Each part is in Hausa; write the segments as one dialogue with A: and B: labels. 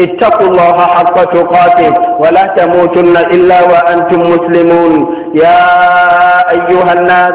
A: اتقوا الله حق تقاته ولا تموتن إلا وأنتم مسلمون يا أيها الناس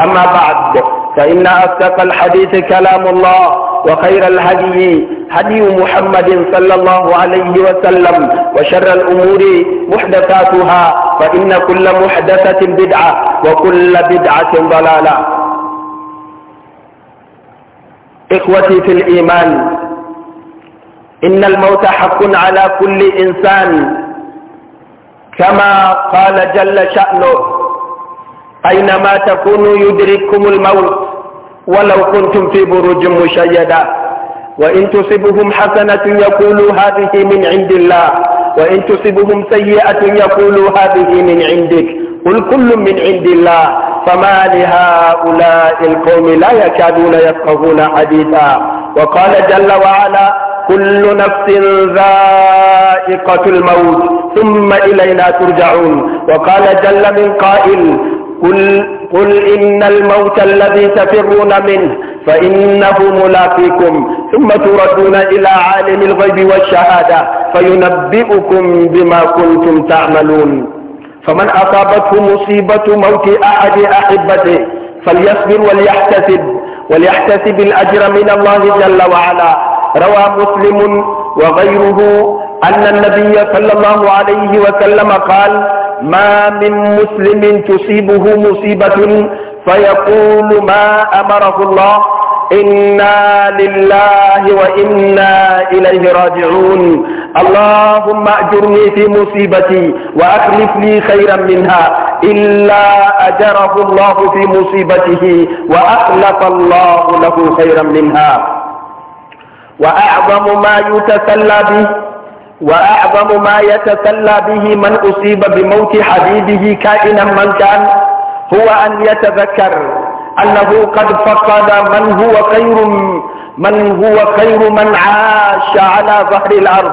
A: أما بعد فإن أصدق الحديث كلام الله وخير الهدي هدي محمد صلى الله عليه وسلم وشر الأمور محدثاتها فإن كل محدثة بدعة وكل بدعة ضلالة إخوتي في الإيمان إن الموت حق على كل إنسان كما قال جل شأنه أينما تكونوا يدرككم الموت ولو كنتم في بروج مشيدة وإن تصبهم حسنة يقولوا هذه من عند الله وإن تصبهم سيئة يقولوا هذه من عندك قل كل من عند الله فما لهؤلاء القوم لا يكادون يفقهون حديثا وقال جل وعلا كل نفس ذائقة الموت ثم إلينا ترجعون وقال جل من قائل قل, قل إن الموت الذي تفرون منه فإنه ملاقيكم ثم تردون إلى عالم الغيب والشهادة فينبئكم بما كنتم تعملون فمن أصابته مصيبة موت أحد أحبته فليصبر وليحتسب وليحتسب الأجر من الله جل وعلا روى مسلم وغيره أن النبي صلى الله عليه وسلم قال ما من مسلم تصيبه مصيبة فيقول ما أمره الله إنا لله وإنا إليه راجعون اللهم أجرني في مصيبتي وأخلف لي خيرا منها إلا أجره الله في مصيبته وأخلف الله له خيرا منها وأعظم ما يتسلى به وأعظم ما يتسلى به من أصيب بموت حبيبه كائنا من كان هو أن يتذكر أنه قد فقد من هو خير من هو خير من عاش على ظهر الأرض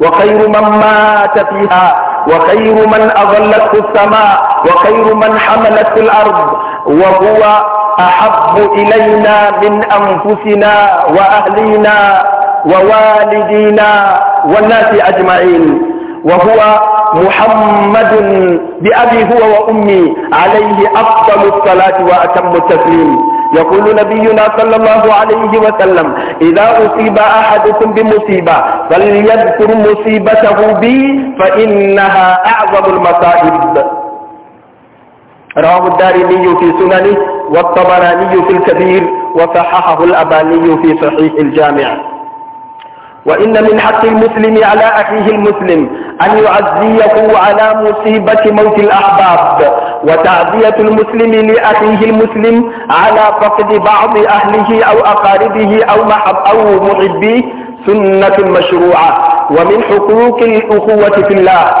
A: وخير من مات فيها وخير من أظلته السماء وخير من حملته الأرض وهو أحب إلينا من أنفسنا وأهلينا ووالدينا والناس أجمعين وهو محمد بأبي هو وأمي عليه أفضل الصلاة وأتم التسليم يقول نبينا صلى الله عليه وسلم إذا أصيب أحدكم بمصيبة فليذكر مصيبته بي فإنها أعظم المصائب رواه الدارمي في سننه والطبراني في الكبير وصححه الأباني في صحيح الجامع وإن من حق المسلم على أخيه المسلم أن يعزيه على مصيبة موت الأحباب وتعزية المسلم لأخيه المسلم على فقد بعض أهله أو أقاربه أو محب أو محبيه سنة مشروعة ومن حقوق الأخوة في الله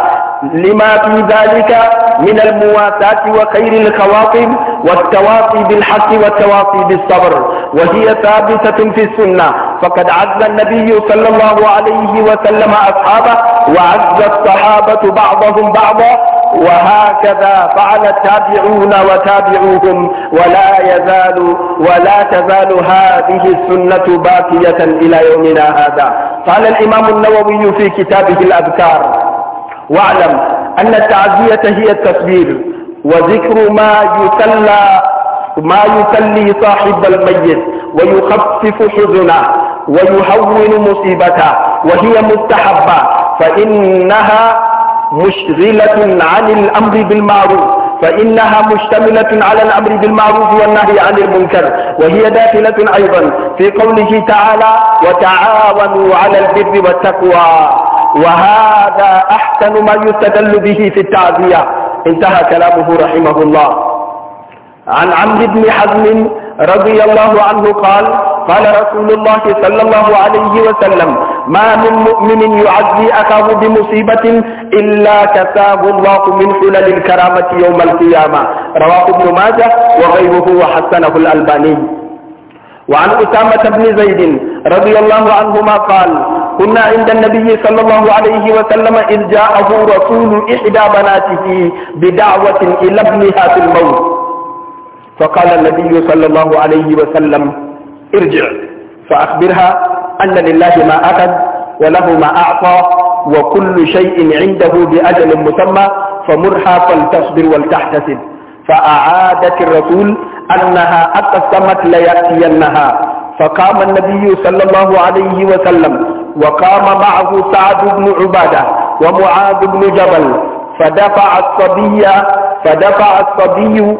A: لما في ذلك من المواساة وخير الخواطب والتواصي بالحق والتواصي بالصبر وهي ثابتة في السنة فقد عز النبي صلى الله عليه وسلم أصحابه وعز الصحابة بعضهم بعضا وهكذا فعل التابعون وتابعوهم ولا يزال ولا تزال هذه السنة باقية إلى يومنا هذا قال الإمام النووي في كتابه الأذكار واعلم أن التعزية هي التصبير وذكر ما يسلى ما يسلي صاحب الميت ويخفف حزنه ويهون مصيبته وهي مستحبة فإنها مشغلة عن الأمر بالمعروف فإنها مشتملة على الأمر بالمعروف والنهي عن المنكر وهي داخلة أيضا في قوله تعالى وتعاونوا على البر والتقوى وهذا أحسن ما يستدل به في التعزية انتهى كلامه رحمه الله عن عمرو بن حزم رضي الله عنه قال قال رسول الله صلى الله عليه وسلم ما من مؤمن يعزي أخاه بمصيبة إلا كتاب الله من حلل الكرامة يوم القيامة رواه ابن ماجه وغيره وحسنه الألباني وعن أسامة بن زيد رضي الله عنهما قال كنا عند النبي صلى الله عليه وسلم إذ جاءه رسول إحدى بناته بدعوة إلى ابنها في الموت فقال النبي صلى الله عليه وسلم ارجع فأخبرها أن لله ما أخذ وله ما أعطى وكل شيء عنده بأجل مسمى فمرها فلتصبر ولتحتسب فأعادت الرسول أنها أقسمت ليأتينها فقام النبي صلى الله عليه وسلم وقام معه سعد بن عبادة ومعاذ بن جبل فدفع الصبي فدفع الصبي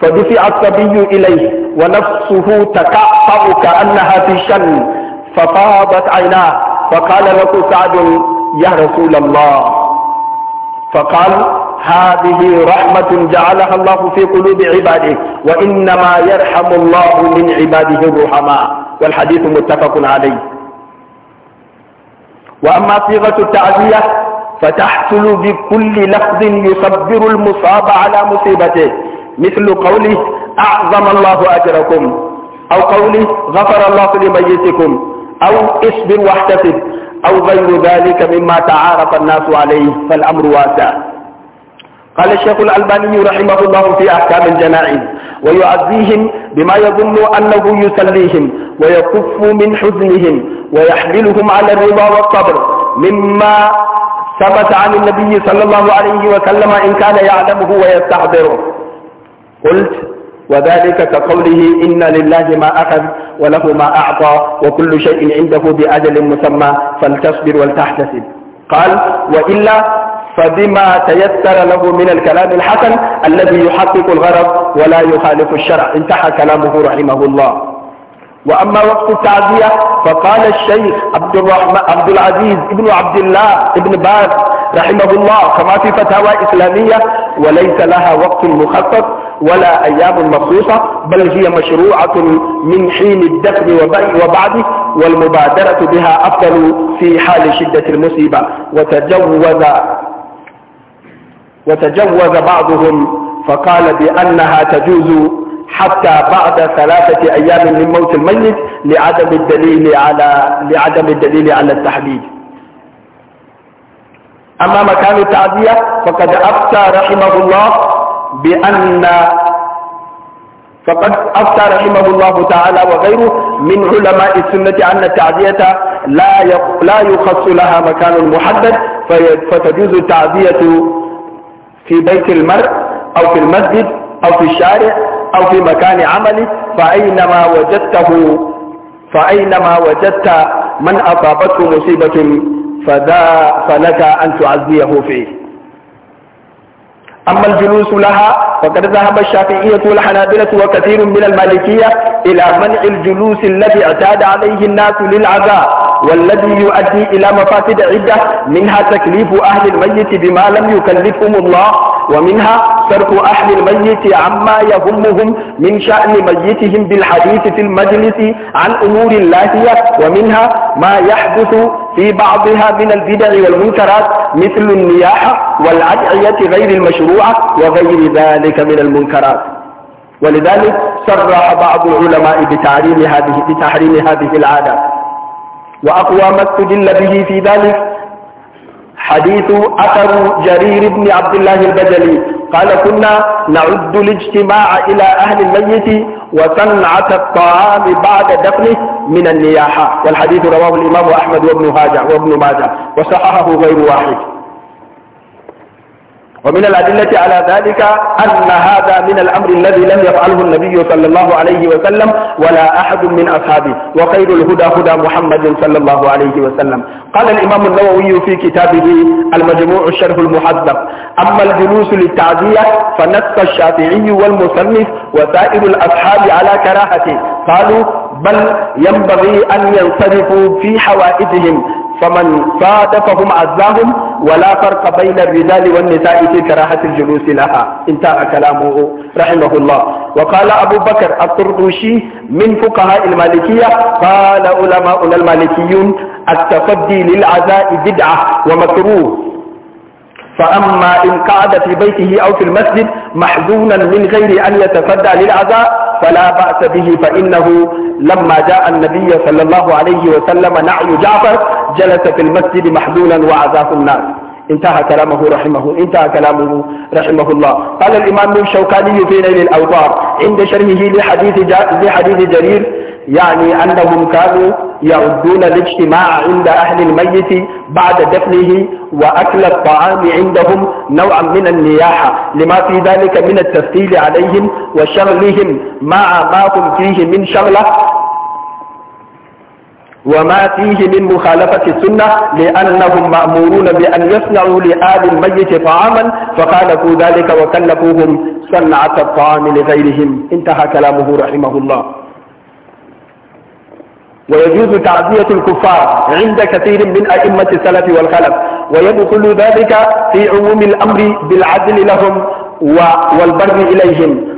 A: فدفع الصبي إليه ونفسه تكعصع كأنها في شن ففاضت عيناه فقال له سعد يا رسول الله فقال هذه رحمة جعلها الله في قلوب عباده وإنما يرحم الله من عباده الرحماء والحديث متفق عليه وأما صيغة التعزية فتحصل بكل لفظ يصبر المصاب على مصيبته مثل قوله أعظم الله أجركم أو قوله غفر الله لميتكم أو اصبر واحتسب أو غير ذلك مما تعارف الناس عليه فالأمر واسع قال الشيخ الألباني رحمه الله في أحكام الجنائز ويعزيهم بما يظن أنه يسليهم ويكف من حزنهم ويحملهم على الرضا والصبر مما ثبت عن النبي صلى الله عليه وسلم إن كان يعلمه ويستحضره قلت وذلك كقوله إن لله ما أخذ وله ما أعطى وكل شيء عنده بأجل مسمى فلتصبر ولتحتسب قال وإلا فبما تيسر له من الكلام الحسن الذي يحقق الغرض ولا يخالف الشرع انتهى كلامه رحمه الله وأما وقت التعزية فقال الشيخ عبد, الرحمن عبد العزيز ابن عبد الله ابن باز رحمه الله كما في فتاوى إسلامية وليس لها وقت مخصص ولا أيام مخصوصة بل هي مشروعة من حين الدفن وبعده والمبادرة بها أفضل في حال شدة المصيبة وتجوز وتجوز بعضهم فقال بأنها تجوز حتى بعد ثلاثة أيام من موت الميت لعدم الدليل على لعدم الدليل على التحديد أما مكان التعزية فقد أفتى رحمه الله بأن فقد أفتى رحمه الله تعالى وغيره من علماء السنة أن التعزية لا لا يخص لها مكان محدد فتجوز التعزية في بيت المرء أو في المسجد أو في الشارع أو في مكان عمله فأينما وجدته فأينما وجدت من أصابته مصيبة فذا فلك أن تعزيه فيه أما الجلوس لها فقد ذهب الشافعية والحنابلة وكثير من المالكية إلى منع الجلوس الذي اعتاد عليه الناس للعزاء والذي يؤدي إلى مفاسد عدة منها تكليف أهل الميت بما لم يكلفهم الله ومنها صرف أهل الميت عما يهمهم من شأن ميتهم بالحديث في المجلس عن أمور لاهية ومنها ما يحدث في بعضها من البدع والمنكرات مثل النياحة والأدعية غير المشروعة وغير ذلك من المنكرات ولذلك صرح بعض العلماء بتعريم هذه بتحريم هذه العادة وأقوى ما استدل به في ذلك حديث أثر جرير بن عبد الله البجلي قال كنا نعد الاجتماع إلى أهل الميت وصنعة الطعام بعد دفنه من النياحة والحديث رواه الإمام أحمد وابن هاجع وابن ماجه وصححه غير واحد ومن الأدلة على ذلك أن هذا من الأمر الذي لم يفعله النبي صلى الله عليه وسلم ولا أحد من أصحابه وخير الهدى هدى محمد صلى الله عليه وسلم قال الإمام النووي في كتابه المجموع الشرح المحذب أما الجلوس للتعزية فنص الشافعي والمصنف وسائر الأصحاب على كراهته قالوا بل ينبغي أن ينصرفوا في حوائجهم فمن صادفهم عزاهم ولا فرق بين الرجال والنساء في كراهة الجلوس لها انتهى كلامه رحمه الله وقال أبو بكر الطرطوشي من فقهاء المالكية قال علماؤنا المالكيون التفدي للعزاء بدعة ومكروه فأما إن قعد في بيته أو في المسجد محزونا من غير أن يتفدى للعزاء فلا بأس به فإنه لما جاء النبي صلى الله عليه وسلم نعي جعفر جلس في المسجد محزونا وعزاه الناس انتهى كلامه رحمه انتهى كلامه رحمه الله قال الإمام الشوكاني في نيل الأوطار عند شرحه لحديث لحديث جرير يعني أنهم كانوا يعدون الاجتماع عند أهل الميت بعد دفنه وأكل الطعام عندهم نوعا من النياحة لما في ذلك من التفتيل عليهم وشغلهم مع ما هم فيه من شغلة وما فيه من مخالفة السنة لأنهم مأمورون بأن يصنعوا لآل الميت طعاما فخالفوا ذلك وكلفوهم صنعة الطعام لغيرهم انتهى كلامه رحمه الله ويجوز تعزية الكفار عند كثير من أئمة السلف والخلف ويدخل ذلك في عموم الأمر بالعدل لهم والبر إليهم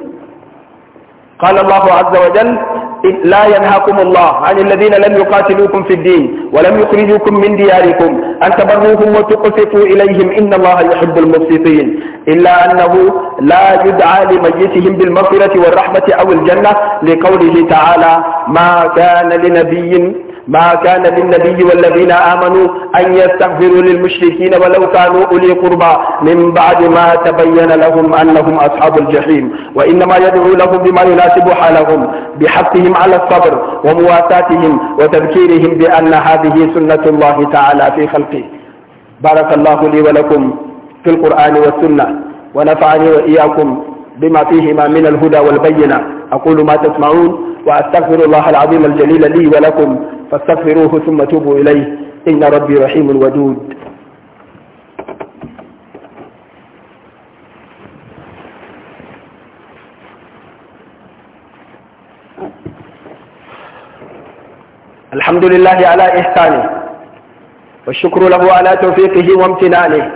A: قال الله عز وجل لا ينهاكم الله عن الذين لم يقاتلوكم في الدين ولم يخرجوكم من دياركم أن تبروهم وتقسطوا إليهم إن الله يحب المقسطين إلا أنه لا يدعى لميتهم بالمغفرة والرحمة أو الجنة لقوله تعالى ما كان لنبي ما كان للنبي والذين آمنوا أن يستغفروا للمشركين ولو كانوا أولي قربى من بعد ما تبين لهم أنهم أصحاب الجحيم وإنما يدعو لهم بما يناسب حالهم بحثهم على الصبر ومواساتهم وتذكيرهم بأن هذه سنة الله تعالى في خلقه بارك الله لي ولكم في القرآن والسنة ونفعني وإياكم بما فيهما من الهدى والبينة أقول ما تسمعون وأستغفر الله العظيم الجليل لي ولكم فاستغفروه ثم توبوا إليه إن ربي رحيم ودود الحمد لله على إحسانه والشكر له على توفيقه وامتنانه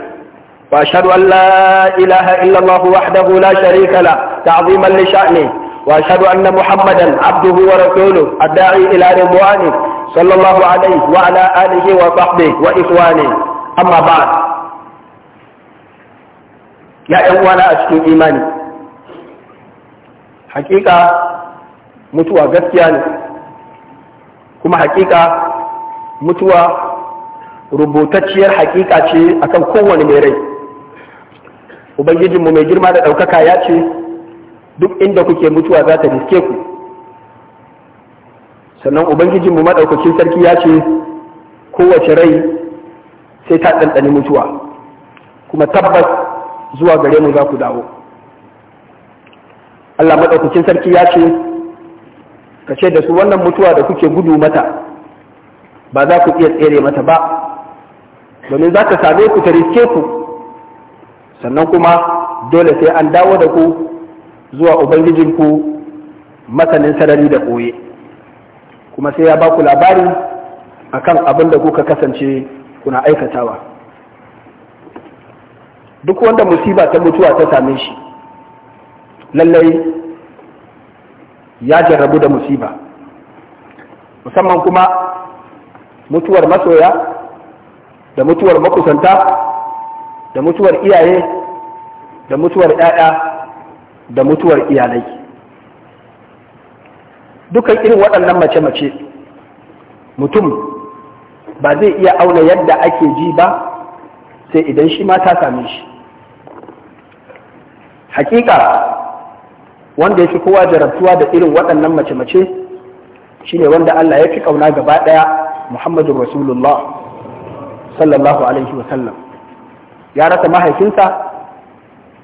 A: وأشهد أن لا إله إلا الله وحده لا شريك له تعظيما لشأنه واشهد ان محمدا عبده ورسوله الداعي الى رضوانه صلى الله عليه وعلى اله وصحبه واخوانه اما بعد يا اخوانا اشكو ايماني حقيقه متوا قسيان كما حقيقة متوى rubutacciyar hakika ce akan kowane mai rai ubangijinmu mai girma da ɗaukaka ya ce duk inda kuke mutuwa za ta riske ku sannan ubangijinmu maɗaukakin sarki ya ce kowace rai sai ta ɗanɗani mutuwa kuma tabbas zuwa gare mu za ku dawo Allah maɗaukakin sarki ya ce ka ce da su wannan mutuwa da kuke gudu mata ba za ku iya tsere mata ba domin za ta same ku ta riske ku sannan kuma dole sai an dawo da ku zuwa ubangijinku masanin sarari da ɓoye kuma sai ya ba ku labari kan abin da kuka kasance kuna aikatawa duk wanda musiba ta mutuwa ta same shi lallai ya jarrabu da musiba musamman kuma mutuwar masoya da mutuwar makusanta da mutuwar iyaye da mutuwar 'ya'ya da mutuwar iyalai dukan irin waɗannan mace-mace mutum ba zai iya auna yadda ake ji ba sai idan shi ma ta same shi hakika wanda ya fi kowa jarabtuwa da irin waɗannan mace-mace shine wanda Allah ya fi ƙauna gaba ɗaya Muhammadu Rasulullah sallallahu alaihi wasallam ya rasa mahaifinsa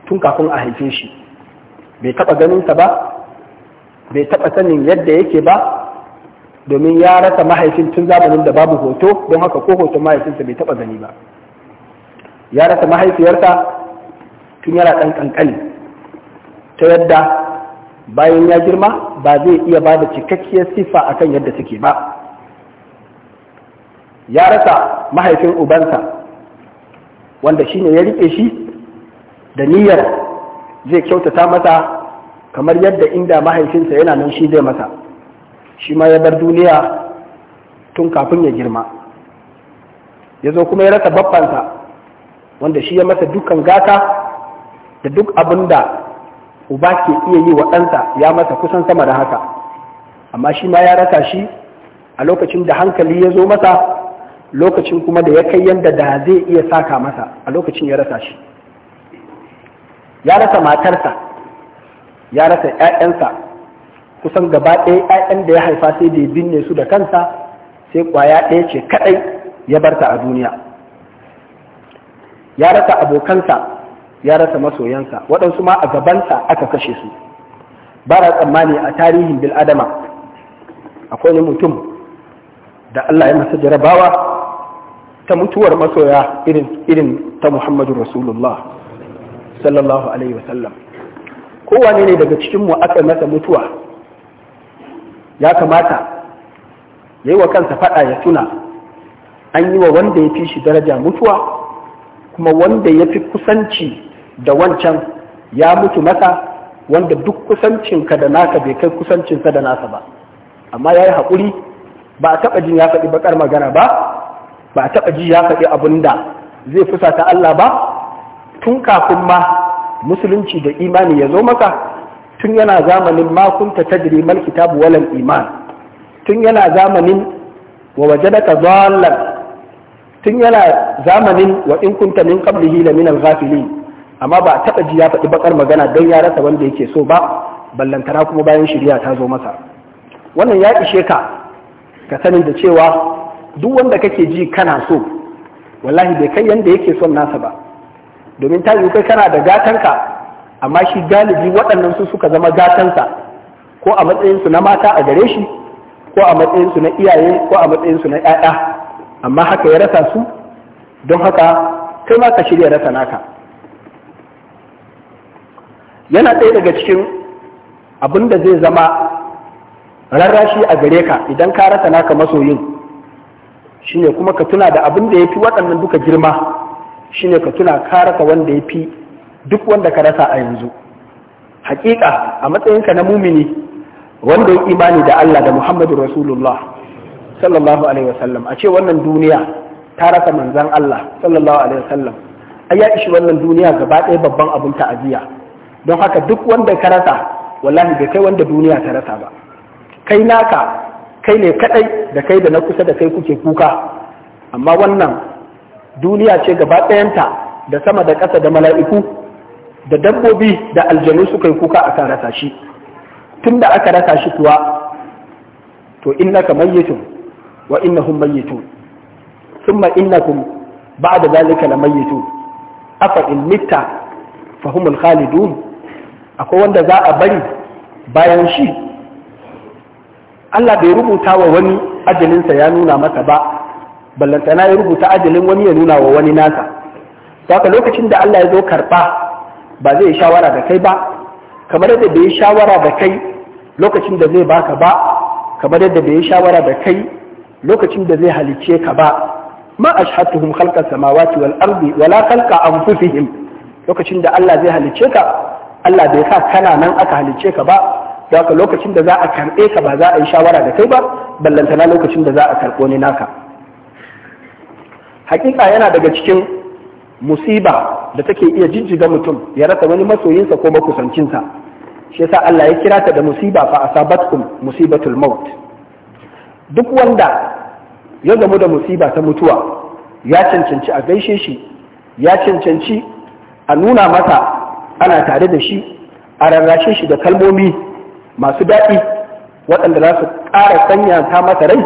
A: tun kafin a haife shi bai taɓa ganinsa ba bai taɓa sanin yadda yake ba domin ya rasa mahaifin tun zamanin da babu hoto don haka ko hoton mahaifinsa bai taɓa gani ba ya rasa mahaifiyarsa tun yana ɗan ƙanƙani ta yadda bayan ya girma ba zai iya ba da cikakkiyar siffa kan yadda suke ba ya rasa mahaifin ubansa wanda shine ya riƙe shi da niyyar zai kyautata masa kamar yadda inda mahaifinsa yana nan shi zai masa shi ma ya bar duniya tun kafin ya girma ya zo kuma ya rasa babbansa wanda shi ya masa dukkan gata da duk abin da uba ke iya yi wa ɗansa ya masa kusan sama da haka amma shi ma ya rasa shi a lokacin da hankali ya zo masa lokacin kuma da ya kai yadda da zai iya saka masa a lokacin ya rasa shi ya rasa matarsa ya rasa 'ya'yansa kusan gaba ɗaya 'ya'yan da ya haifa sai da ya binne su da kansa sai kwaya ɗaya ce kaɗai ya barta a duniya ya rasa abokansa ya rasa masoyansa waɗansu ma a gabansa aka kashe su ba tsammani a tarihin bil'adama akwai ne mutum da Allah ya masa jarabawa ta mutuwar masoya irin ta Muhammadu Rasulullah sallallahu alaihi wasallam kowane ne daga cikinmu aka masa mutuwa ya kamata ya yi wa kansa fada ya tuna an yi wa wanda ya fi shi daraja mutuwa kuma wanda ya fi kusanci da wancan ya mutu masa wanda duk kusancinka da naka bai kai kusancinsa da nasa ba amma ya yi haƙuri ba a taɓa jin ya faɗi baƙar magana ba ba a taɓa ji ya faɗi abin da zai fusata Allah ba tun kafin ma musulunci da imani ya zo maka tun yana zamanin makunta tajri mal kitabu walal iman tun yana zamanin wa wajadaka dhallan tun yana zamanin wa in kunta min qablihi la min al amma ba a taɓa jiya faɗi bakar magana don ya rasa wanda yake so ba ballantana kuma bayan shirya ta zo masa wannan ya ishe ka ka sani da cewa duk wanda kake ji kana so wallahi bai kai yanda yake son nasa ba domin ta kai kana da gatanka amma shi galibi waɗannan su suka zama gatansa ko a matsayinsu na mata a gare shi ko a matsayinsu na iyaye ko a matsayinsu na 'ya'ya amma haka ya rasa su don haka kai ma ka shirya rasa naka yana ɗaya daga cikin abin da zai zama rarrashi a gare ka idan ka rasa naka masoyin shine kuma ka tuna da abin da ya fi waɗannan duka girma shine ka tuna ka rasa wanda ya fi duk wanda ka rasa a yanzu hakika a matsayinka na mumini
B: wanda ya imani da Allah da Muhammadu
A: Rasulullah sallallahu alaihi wasallam a ce wannan duniya ta rasa manzan Allah sallallahu alaihi wasallam ai ya ishi wannan duniya gaba ɗaya babban abin ta'aziya. don haka duk wanda ka rasa wallahi bai kai wanda duniya ta rasa ba kai naka kai ne kaɗai da kai da na kusa da kai kuke kuka amma wannan duniya ce gaba ɗayanta da sama da ƙasa da mala'iku da dabbobi da aljanu suka yi kuka aka rasa shi tun da aka rasa shi kuwa to innaka mayyitun wa innahum mayyitun thumma innakum ba'da zalika lamayyitun afa in mitta fa humul khalidun akwai wanda za a bari bayan shi Allah bai rubuta wa wani ajalinsa ya nuna masa ba ballantana ya rubuta ajalin wani ya nuna wa wani nasa haka lokacin da Allah ya zo karba ba zai shawara da kai ba kamar yadda bai shawara da kai lokacin da zai baka ba kamar yadda bai shawara da kai lokacin da zai halice ka ba ma ashhatuhum khalqa samawati wal ardi wala khalqa anfusihim lokacin da Allah zai halice ka Allah bai sa kana nan aka halice ka ba haka lokacin da za a karɓe ka ba za a yi shawara da kai ba ballantana lokacin da za a karɓo ne naka hakika yana daga cikin musiba da take iya jijjiga mutum ya rasa wani masoyinsa ko makusancinsa shi yasa Allah ya kira ta da musiba fa asabatkum musibatul maut duk wanda ya gamu da musiba ta mutuwa ya cancanci a gaishe shi ya cancanci a nuna masa ana tare da shi a rarrashe shi da kalmomi masu daɗi waɗanda za su ƙara sanya ta masa rai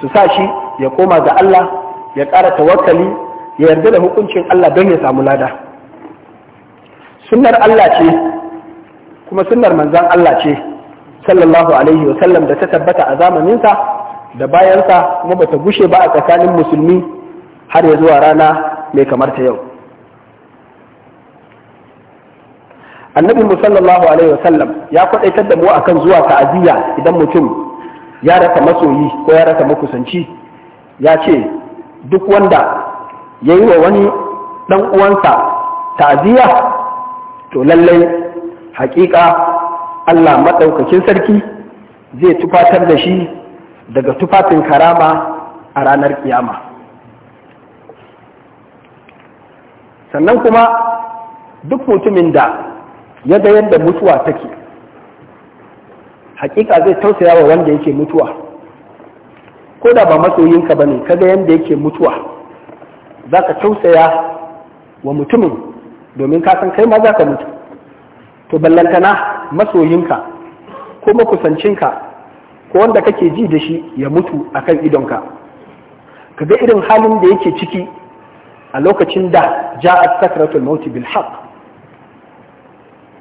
A: su sa shi ya koma ga Allah ya ƙara tawakkali ya yarda da hukuncin Allah don ya samu lada sunnar Allah ce kuma sunnar manzan Allah ce sallallahu alaihi wa sallam da ta tabbata a zamaninsa da bayansa kuma bata gushe ba a tsakanin musulmi har ya zuwa rana mai kamar ta yau annabi mu alaihi wa sallam ya kwadaitar da mu akan zuwa ta'aziyya idan mutum ya rasa masoyi ko ya rasa makusanci ya ce duk wanda ya yi wa wani ɗan uwansa ta'aziyya to lallai haƙiƙa Allah maɗaukakin sarki zai tufatar da shi daga tufafin karama a ranar ƙiyama. sannan kuma duk mutumin da ya ga yadda mutuwa take haƙiƙa zai tausaya wa wanda yake mutuwa ko da ba masoyinka ba ne kaga yadda yake mutuwa za ka tausaya wa mutumin domin ka san kai ma za ka mutu to ballantana masoyinka ko makusancinka ko wanda kake ji da shi ya mutu a kan idonka ga irin halin da yake ciki a lokacin da ja'at sakratul mauti bil haqq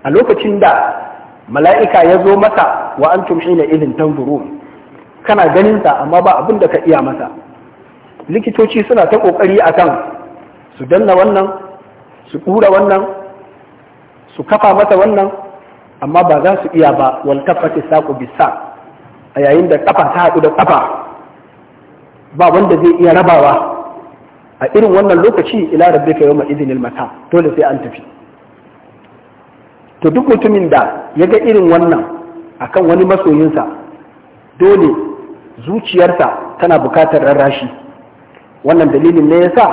A: a lokacin da mala'ika ya zo masa wa antum hina idin tanzurun kana ganin sa amma ba abin da ka iya masa likitoci suna ta kokari akan su danna wannan su kura wannan su kafa masa wannan amma ba za su iya ba wal tafati saqu bisa a yayin da kafa ta hadu da kafa ba wanda zai iya rabawa a irin wannan lokaci ila rabbika yawma idhinil mata dole sai an tafi to duk mutumin da ya ga irin wannan akan wani masoyinsa dole zuciyarsa tana bukatar rarrashi wannan dalilin ne yasa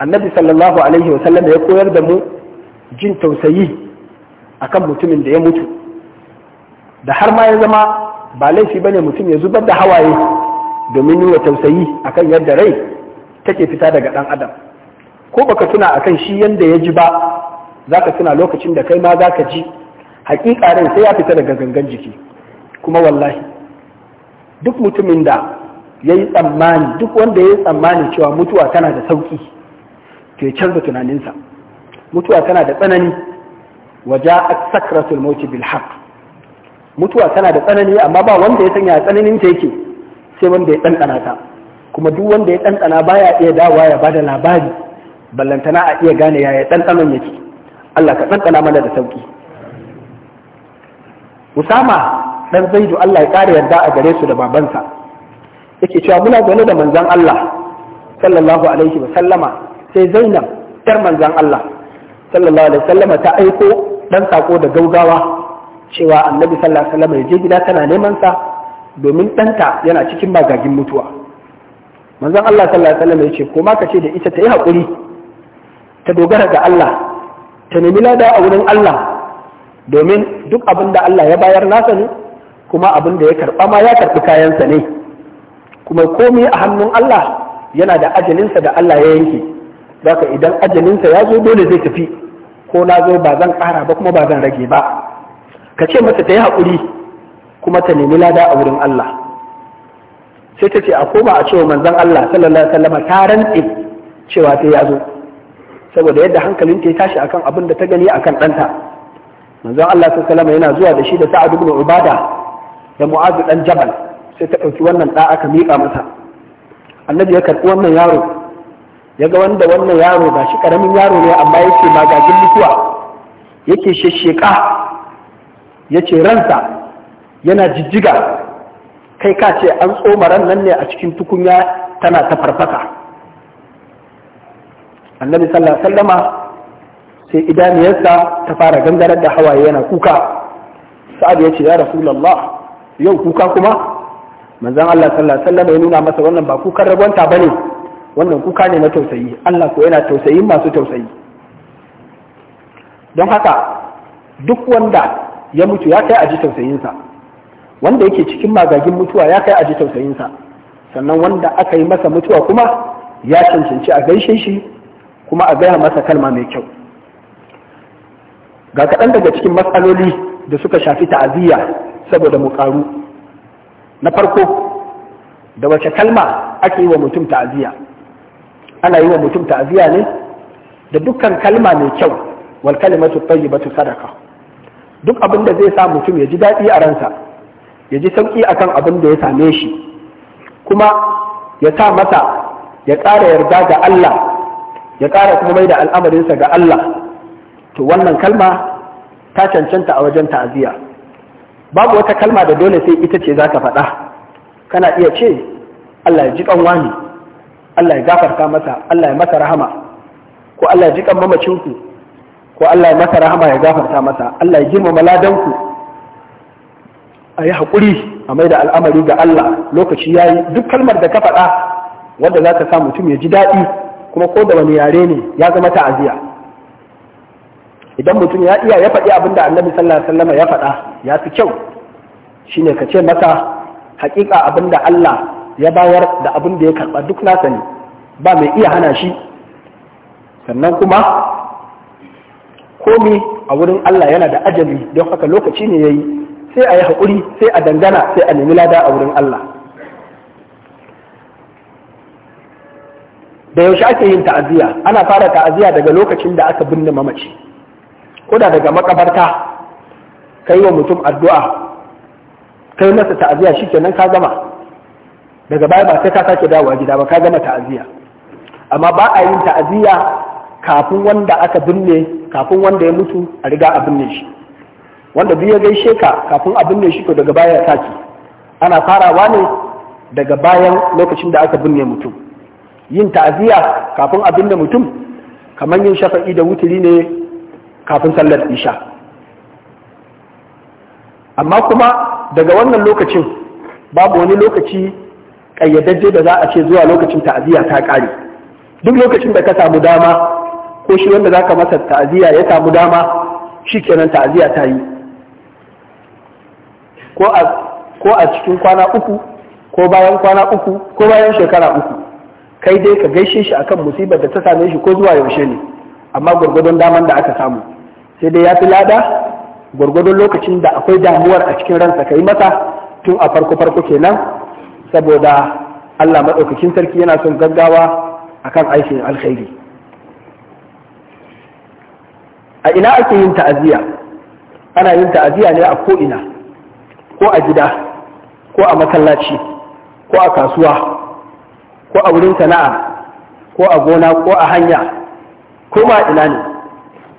A: annabi sallallahu alaihi wasallam ya koyar da mu jin tausayi akan mutumin da ya mutu da har ma ya zama ba laifi ne mutum ya zubar da hawaye domin nuna tausayi akan yadda rai take fita daga ɗan adam ko baka tuna akan shi yadda ya ji ba zaka tuna lokacin da kai ma zaka ji hakika rai sai ya fita daga gangan jiki kuma wallahi duk mutumin da ya yi tsammani duk wanda ya yi tsammani cewa mutuwa tana da sauki ke ya canza tunaninsa mutuwa tana da tsanani waje a sakratul mauti bilhak mutuwa tana da tsanani amma ba wanda ya sanya tsananin ta yake sai wanda ya ɗanɗana ta kuma duk wanda ya ɗanɗana baya iya dawa ya bada labari ballantana a iya gane yaya ɗanɗanon yake Allah ka ɗanɗana mana da sauki Usama dan zaidu Allah ya kare yarda a gare su da babansa yake cewa muna zaune da manzon Allah sallallahu alaihi wa sallama sai Zainab tar manzon Allah sallallahu alaihi wa sallama ta aiko dan sako da gaugawa cewa annabi sallallahu alaihi wa sallama ya je gida tana neman sa domin ɗanta yana cikin magagin mutuwa manzon Allah sallallahu alaihi wa sallama ya ce ko ma ka ce da ita ta yi haƙuri ta dogara ga Allah ta nemi lada a wurin Allah domin duk abin da Allah ya bayar nasa ne kuma abin da ya karɓa ma ya karɓi kayansa ne kuma komai a hannun Allah yana da ajalinsa da Allah ya yanke zaka idan ajalinsa ya zo dole zai tafi ko na zo ba zan ƙara ba kuma ba zan rage ba ka ce mata ta yi haƙuri kuma ta nemi lada a wurin Allah sai ta ce a koma a cewa manzon Allah sallallahu alaihi wasallam ta rantse cewa sai ya zo saboda yadda hankalin ta tashi akan abin da ta gani akan ɗanta manzon Allah sallallahu alaihi yana zuwa da shi da Sa'ad ibn ibada da mu'azu dan jabal sai ta ɗauki wannan ɗa aka miƙa masa annabi ya karɓi wannan yaro ya ga wanda wannan yaro ba shi ƙaramin yaro ne amma yake magagin mutuwa yake shesheka ya ce ransa yana jijjiga kai ka ce an tsoma ran nan ne a cikin tukunya tana ta farfasa annabi sallallahu alaihi wasallama sai idaniyarsa ta fara gangarar da hawaye yana kuka sa'ad ya ce ya rasulullah yau kuka kuma manzon Allah sallallahu alaihi wasallam ya nuna masa wannan ba kukan rabonta ne. wannan kuka ne na tausayi Allah ko yana tausayin masu tausayi don haka duk wanda ya mutu ya kai aji tausayinsa wanda yake cikin magagin mutuwa ya kai aji tausayinsa sannan wanda aka yi masa mutuwa kuma ya cancanci a gaishe shi kuma a gaya masa kalma mai kyau ga kaɗan daga cikin matsaloli da suka shafi ta'aziyya saboda mu karu na farko da wace kalma ake yi wa mutum ta'aziyya ana yi wa mutum ta'aziyya ne da dukkan kalma mai kyau wal kalimatu tayyibatu sadaka duk abin da zai sa mutum ya ji daɗi a ransa ya ji sauƙi akan abin da ya same shi kuma ya sa masa ya ƙara yarda ga Allah ya ƙara kuma mai da al'amarinsa ga Allah to wannan kalma ta cancanta a wajen ta'aziyya babu wata kalma da dole sai ita ce za ka faɗa kana iya ce Allah ya ji kanwa Allah ya gafarta masa Allah ya masa rahama ko Allah ya ji ƙan mamacinku ko Allah ya masa rahama ya gafarta masa Allah ya girmama ladanku a yi haƙuri a mai da al'amari ga Allah lokaci ya yi duk kalmar da ka faɗa wadda za ka sa mutum ya ji daɗi kuma ko da wani yare ne ya zama ta'aziyya idan mutum ya iya ya faɗi abin da annabi sallallahu alaihi wasallam ya faɗa ya fi kyau shine ka ce masa haƙiƙa abin da Allah ya bayar da abin da ya karɓa duk nasa ne ba mai iya hana shi sannan kuma komi a wurin Allah yana da ajali don haka lokaci ne yayi sai a yi haƙuri sai a dangana sai a nemi lada a wurin Allah da yaushe ake yin ta'aziyya ana fara ta'aziyya daga lokacin da aka binne mamaci ko daga makabarta ka yi wa mutum addu'a ka kai masa ta'aziyya kenan ka gama daga baya ba sai ka sake dawowa gida ba ka gama ta'aziyya amma ba a yin ta'aziyya kafin wanda aka binne kafin wanda ya mutu a riga a binne shi wanda duk ya gaishe ka kafin a binne shi to daga baya ya sake ana farawa ne daga bayan lokacin da aka binne mutum yin ta'aziyya kafin a binne mutum kamar yin shafa'i da wuturi ne kafin sallar isha amma kuma daga wannan lokacin babu wani lokaci ƙayyadajje da za a ce zuwa lokacin ta'aziyya ta ƙare duk lokacin da ka samu dama ko shi wanda za ka masa ta'aziyya ya samu dama shi kenan ta'aziyya ta yi ko a cikin kwana uku ko bayan kwana uku ko bayan shekara uku kai dai ka gaishe shi akan musibar da ta same shi ko zuwa yaushe ne amma gwargwadon daman da aka samu sai dai ya fi lada gwargwadon lokacin da akwai damuwar a cikin ransa ka yi mata tun a farko farko kenan saboda Allah maɗaukakin sarki yana son gaggawa a kan aikin alkhairi a ina ake yin ta'aziyya ana yin ta'aziyya ne a ko ina ko a gida ko a masallaci ko a kasuwa ko a wurin sana'a ko a gona ko a hanya koma ina ne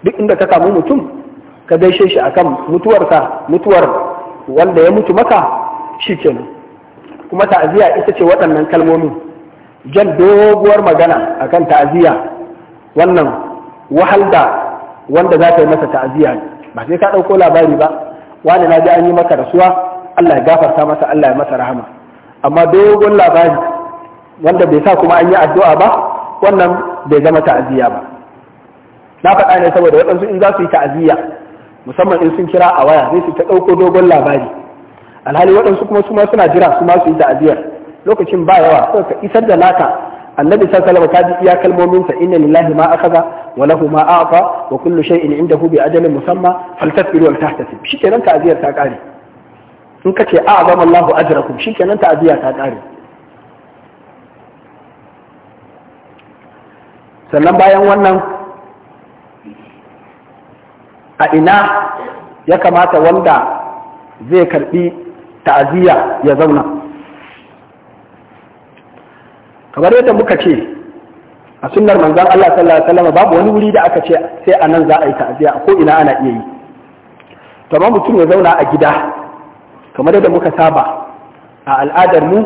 A: duk inda ka samu mutum ka gaishe shi akan mutuwarsa mutuwar wanda ya mutu maka shi kenan kuma ta'aziyya ita ce waɗannan kalmomi jan doguwar magana akan ta'aziyya wannan wahalda wanda za ta yi masa ta'aziyya ba sai ka ɗauko labari ba wani na ji an yi maka rasuwa Allah ya gafarta masa Allah ya masa rahama amma dogon labari wanda bai sa kuma an yi addu'a ba wannan bai zama ta'aziyya ba na faɗa ne saboda waɗansu in za su yi ta'aziyya musamman in sun kira a waya zai su ta ɗauko dogon labari alhali waɗansu kuma su ma suna jira su ma su yi ta'aziyyar lokacin ba yawa sai ka isar da naka annabi sallallahu alaihi wasallam ta iya kalmomin sa inna lillahi ma akhadha wa lahu ma a'ta wa kullu shay'in indahu bi ajalin musamma faltasbiru wal tahtasib shikenan ta'aziyyar ta kare in kace a'zama Allahu ajrakum shikenan ta'aziyya ta kare sannan bayan wannan a ina ya kamata wanda zai karbi ta'aziyya ya zauna kamar yadda muka ce a sunnar manzon Allah sallallahu alaihi wasallam babu wani wuri da aka ce sai a nan za a yi ta'aziyya ko ina ana iya yi to amma mutum ya zauna a gida kamar yadda muka saba a al'adar mu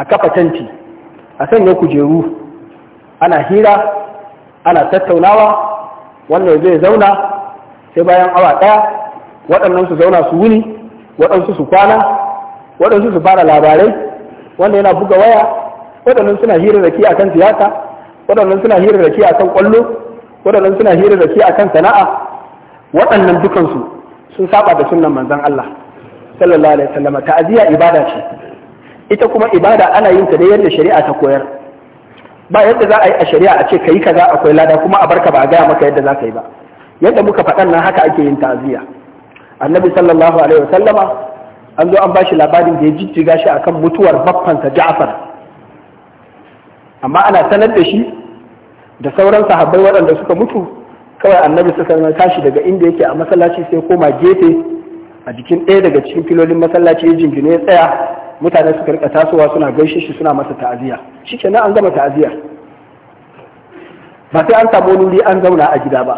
A: a kafa tanti a sanya kujeru ana hira ana tattaunawa wannan zai zauna sai bayan awa ɗaya waɗannan su zauna su wuni waɗansu su kwana waɗansu su fara labarai wanda yana buga waya waɗannan suna hirarraki akan siyasa waɗannan suna hirarraki akan ƙwallo waɗannan suna hirarraki akan sana'a waɗannan dukansu sun saba da sunan manzan Allah sallallahu alaihi wasallam ta'aziyya ibada ce ita kuma ibada ana yin ta da yadda shari'a ta koyar ba yadda za a yi a shari'a a ce kai kaza akwai lada kuma a barka ba a gaya maka yadda za ka yi ba yadda muka faɗan nan haka ake yin ta'aziyya annabi sallallahu alaihi wasallama an zo an bashi labarin da ya jijjiga shi akan mutuwar baffansa Ja'far amma ana sanar da shi da sauran sahabbai waɗanda suka mutu kawai annabi suka sanar tashi daga inda yake a masallaci sai koma gefe a jikin ɗaya daga cikin filolin masallaci ya jingine ya tsaya mutane suka rika tasowa suna gaishe shi suna masa ta'aziyya shikenan an gama ta'aziyya ba sai an samu wani wuri an zauna a gida ba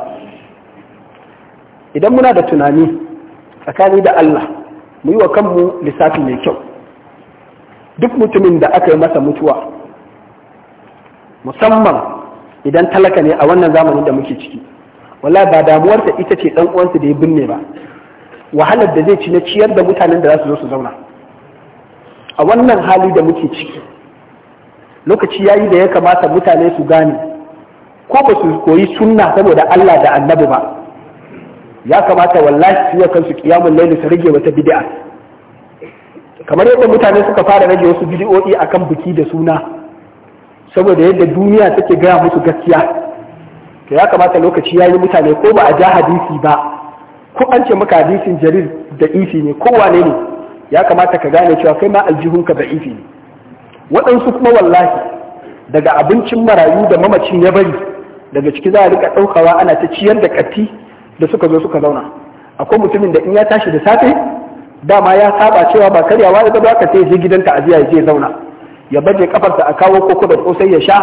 A: idan muna da tunani tsakani da Allah mu yi wa kanmu lissafi mai kyau duk mutumin da aka yi masa mutuwa musamman idan talaka ne a wannan zamanin da muke ciki wala ba damuwarsa ita ce dan uwansa da ya binne ba wahalar da zai ci na ciyar da mutanen da za su zo su zauna a wannan hali da muke ciki lokaci ya yi da ya kamata mutane su gane ko ba su koyi sunna saboda Allah da annabi ba ya kamata wallahi su yi kansu kiyamun laili su rage wata bid'a kamar yadda mutane suka fara rage wasu bid'o'i akan biki da suna saboda yadda duniya take gaya musu gaskiya to ya kamata lokaci yayi mutane ko ba a ja hadisi ba ko an ce maka hadisin jarir da ifi ne ko wane ne ya kamata ka gane cewa kai ma aljihunka da ifi ne waɗansu kuma wallahi daga abincin marayu da mamacin ya bari daga ciki za a rika ɗaukawa ana ta ciyar da katti da suka zo suka zauna akwai mutumin da in ya tashi da safe dama ya saba cewa ba karyawa da ba ka sai je gidan ta'aziya ya je zauna ya baje kafarsa a kawo koko da kosai ya sha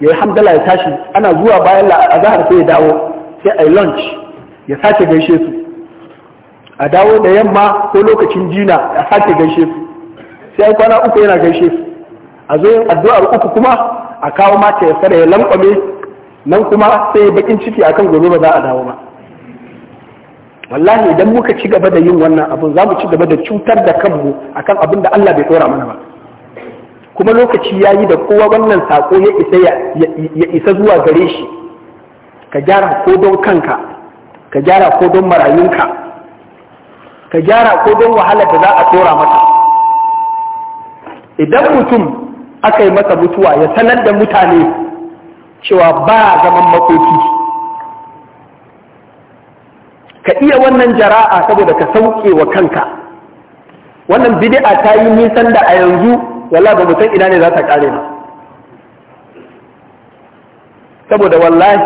A: ya yi hamdala ya tashi ana zuwa bayan azahar sai ya dawo sai a yi lunch ya sake gaishe su a dawo da yamma ko lokacin jina a sake gaishe su sai ai kwana uku yana gaishe su a zo yin addu'ar uku kuma a kawo mata ya tsara ya lankwame nan kuma sai bakin ciki akan gobe ba za a dawo ba wallahi idan muka ci gaba da yin wannan abin za mu ci gaba da cutar da kanmu akan abin da Allah bai tsora mana ba kuma lokaci ya yi da kowa wannan sako ya isa ya isa zuwa gare shi ka gyara ko don kanka ka gyara ko don marayunka ka gyara ko don wahala da za a tsora mata. idan mutum aka yi masa mutuwa ya sanar da mutane cewa ba zaman makoki ka iya wannan jara'a saboda ka sauke wa kanka wannan bidi'a ta yi nisan da a yanzu wallahi ba mu ina ne za ta kare ba saboda wallahi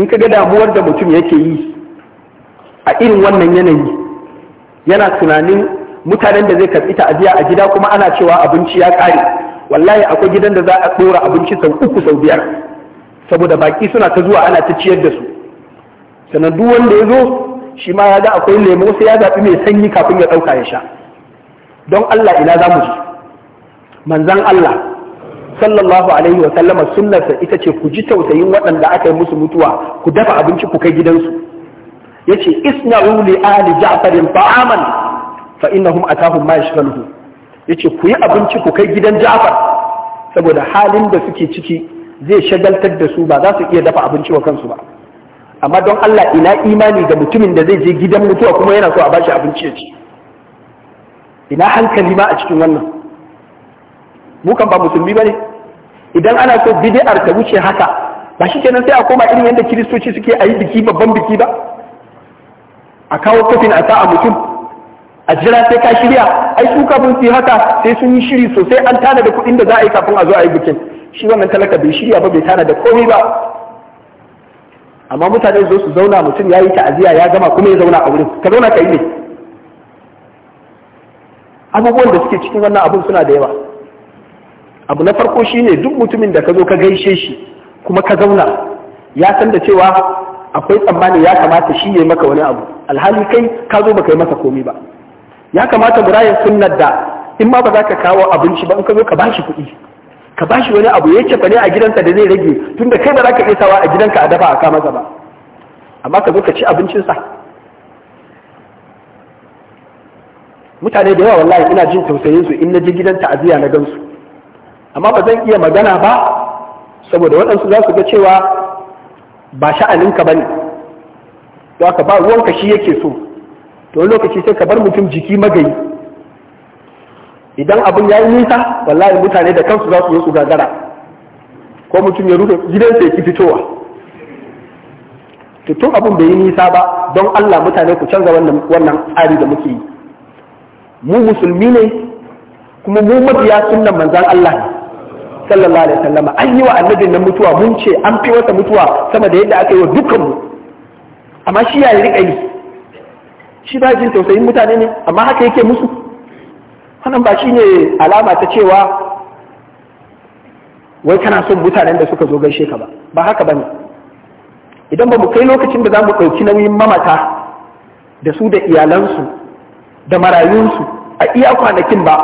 A: in ka ga damuwar da mutum yake yi a irin wannan yanayi yana tunanin mutanen da zai karɓi ta'aziya a gida kuma ana cewa abinci ya ƙare wallahi akwai gidan da za a ɗora abinci sau uku sau biyar saboda baƙi suna ta zuwa ana ta ciyar da su sannan wanda ya zo shi ma ya ga akwai lemo sai ya zaɓi mai sanyi kafin ya ɗauka ya sha don Allah ina za mu ji manzan Allah sallallahu alaihi wa sallama sunnarsa ita ce ku ji tausayin waɗanda aka yi musu mutuwa ku dafa abinci ku kai gidansu yace isna'u li ali ja'farin ta'aman fa innahum atahum ma yashghaluhu yace ku yi abinci ku kai gidan Ja'far saboda halin da suke ciki zai shagaltar da su ba za su iya dafa abinci wa kansu ba amma don Allah ina imani da mutumin da zai je gidan mutuwa kuma yana so a bashi abinci ya ci ina hankali ma a cikin wannan mu kan ba musulmi bane idan ana so bid'ar ta wuce haka ba shi kenan sai a koma irin yadda kiristoci suke a yi biki babban biki ba a kawo kofin a sa a mutum a jira sai ka shirya ai su kafin su haka sai sun yi shiri sosai an tana da kuɗin da za a yi kafin a zo a yi bikin shi wannan talaka bai shirya ba bai tana da komai ba amma mutane zo su zauna mutum ya yi ta'aziyya ya gama kuma ya zauna a wurin ka zauna ka yi ne abubuwan da suke cikin wannan abun suna da yawa abu na farko shi ne duk mutumin da ka zo ka gaishe shi kuma ka zauna ya san da cewa akwai tsammani ya kamata shi ya maka wani abu alhali kai ka zo baka yi masa komai ba ya kamata mu sunnar da in ma ba za ka kawo abinci ba in ka zo ka bashi kuɗi ka ba shi wani abu ya cefa ne a gidansa da zai rage tun da kai ba za ka iya sawa a gidanka a dafa a kama gaba, amma ka zo ka ci abincinsa mutane da yawa wallahi ina jin tausayin su in na je gidan ta'aziyya na gansu amma ba zan iya magana ba saboda waɗansu za su ga cewa ba sha'aninka ba ne don ka ba ruwanka shi yake so to wani lokaci sai ka bar mutum jiki magayi idan abin ya yi nisa wallahi mutane da kansu za su yi su gagara ko mutum ya rufe gidansa ya ki fitowa to tun abin bai yi nisa ba don Allah mutane ku canza wannan tsari da muke yi mu musulmi ne kuma mu mabiya sunnan manzan Allah ne sallallahu alaihi wasallam an yi wa annabin nan mutuwa mun ce an fi wata mutuwa sama da yadda aka yi wa dukkanmu amma shi ya yi yi shi ba jin tausayin mutane ne amma haka yake musu wannan ba shi ne alama ta cewa wai kana son mutanen da suka zo gaishe ka ba ba haka ba ne idan ba mu kai lokacin da za mu ɗauki nauyin mamata da su da iyalansu da marayunsu a iya kwanakin ba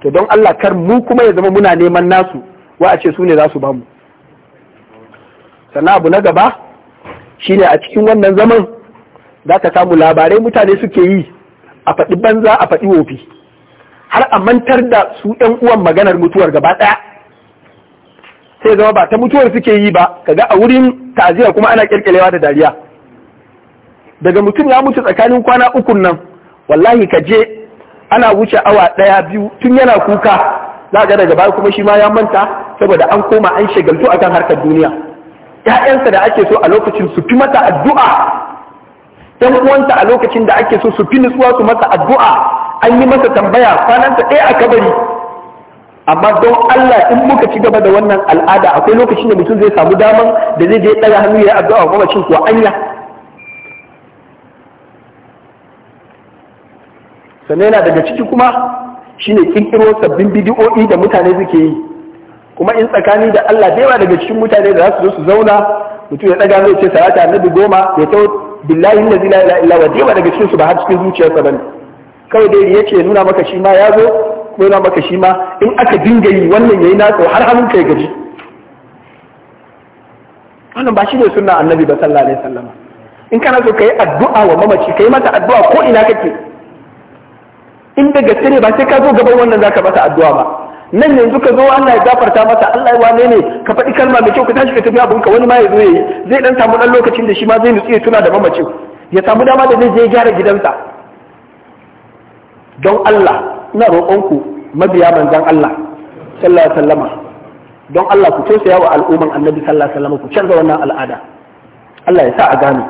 A: to don Allah kar mu kuma ya zama muna neman nasu wa a ce su ne za su bamu sannan abu na gaba shine a cikin wannan zaman za ka samu labarai mutane suke yi a faɗi banza a faɗi wofi har a mantar da su ɗan uwan maganar mutuwar gaba ɗaya sai zama ba ta mutuwar suke yi ba kaga a wurin ta'aziyya kuma ana kirkirewa da dariya daga mutum ya mutu tsakanin kwana uku nan wallahi ka je ana wuce awa ɗaya biyu tun yana kuka za ga daga baya kuma shi ma ya manta saboda an koma an shagaltu akan harkar duniya Ya'yansa da ake so a lokacin su fi mata addu'a ɗan uwanta a lokacin da ake so su fi nutsuwa su mata addu'a an yi masa tambaya kwananta ɗaya a kabari amma don Allah in muka ci gaba da wannan al'ada akwai lokacin da mutum zai samu daman da zai je ɗaga hannu ya addu'a kuma cin kuwa anya sannan yana daga ciki kuma shine kinkiro sabbin bidiyo'i da mutane suke yi kuma in tsakani da Allah da yawa daga cikin mutane da za su zo su zauna mutum ya ɗaga zai ce salata annabi goma ya ta, billahi la ilaha illa wa da yawa daga cikin su ba har cikin zuciyarsa bane kawai dai yake nuna maka shi ma ya zo ko nuna maka shi ma in aka dinga yi wannan yayi natsu har hannun kai gaji wannan ba shi ne sunna annabi ba sallallahu alaihi wasallam in kana so kai addu'a wa mamaci kai mata addu'a ko ina kake in da gaske ne ba sai ka zo gaban wannan zaka mata addu'a ba nan yanzu ka zo Allah ya gafarta masa Allah ya wane ne ka faɗi kalma mai kyau ka tashi ka tafi abun ka wani ma ya zo yayi zai dan samu dan lokacin da shi ma zai nutsi ya tuna da mamacin ya samu dama da zai je gyara gidansa don Allah ina roƙonku mabiya manzan Allah sallallahu alaihi wasallama don Allah ku tausaya wa al'umman annabi sallallahu alaihi wasallama ku canza wannan al'ada Allah ya sa a gane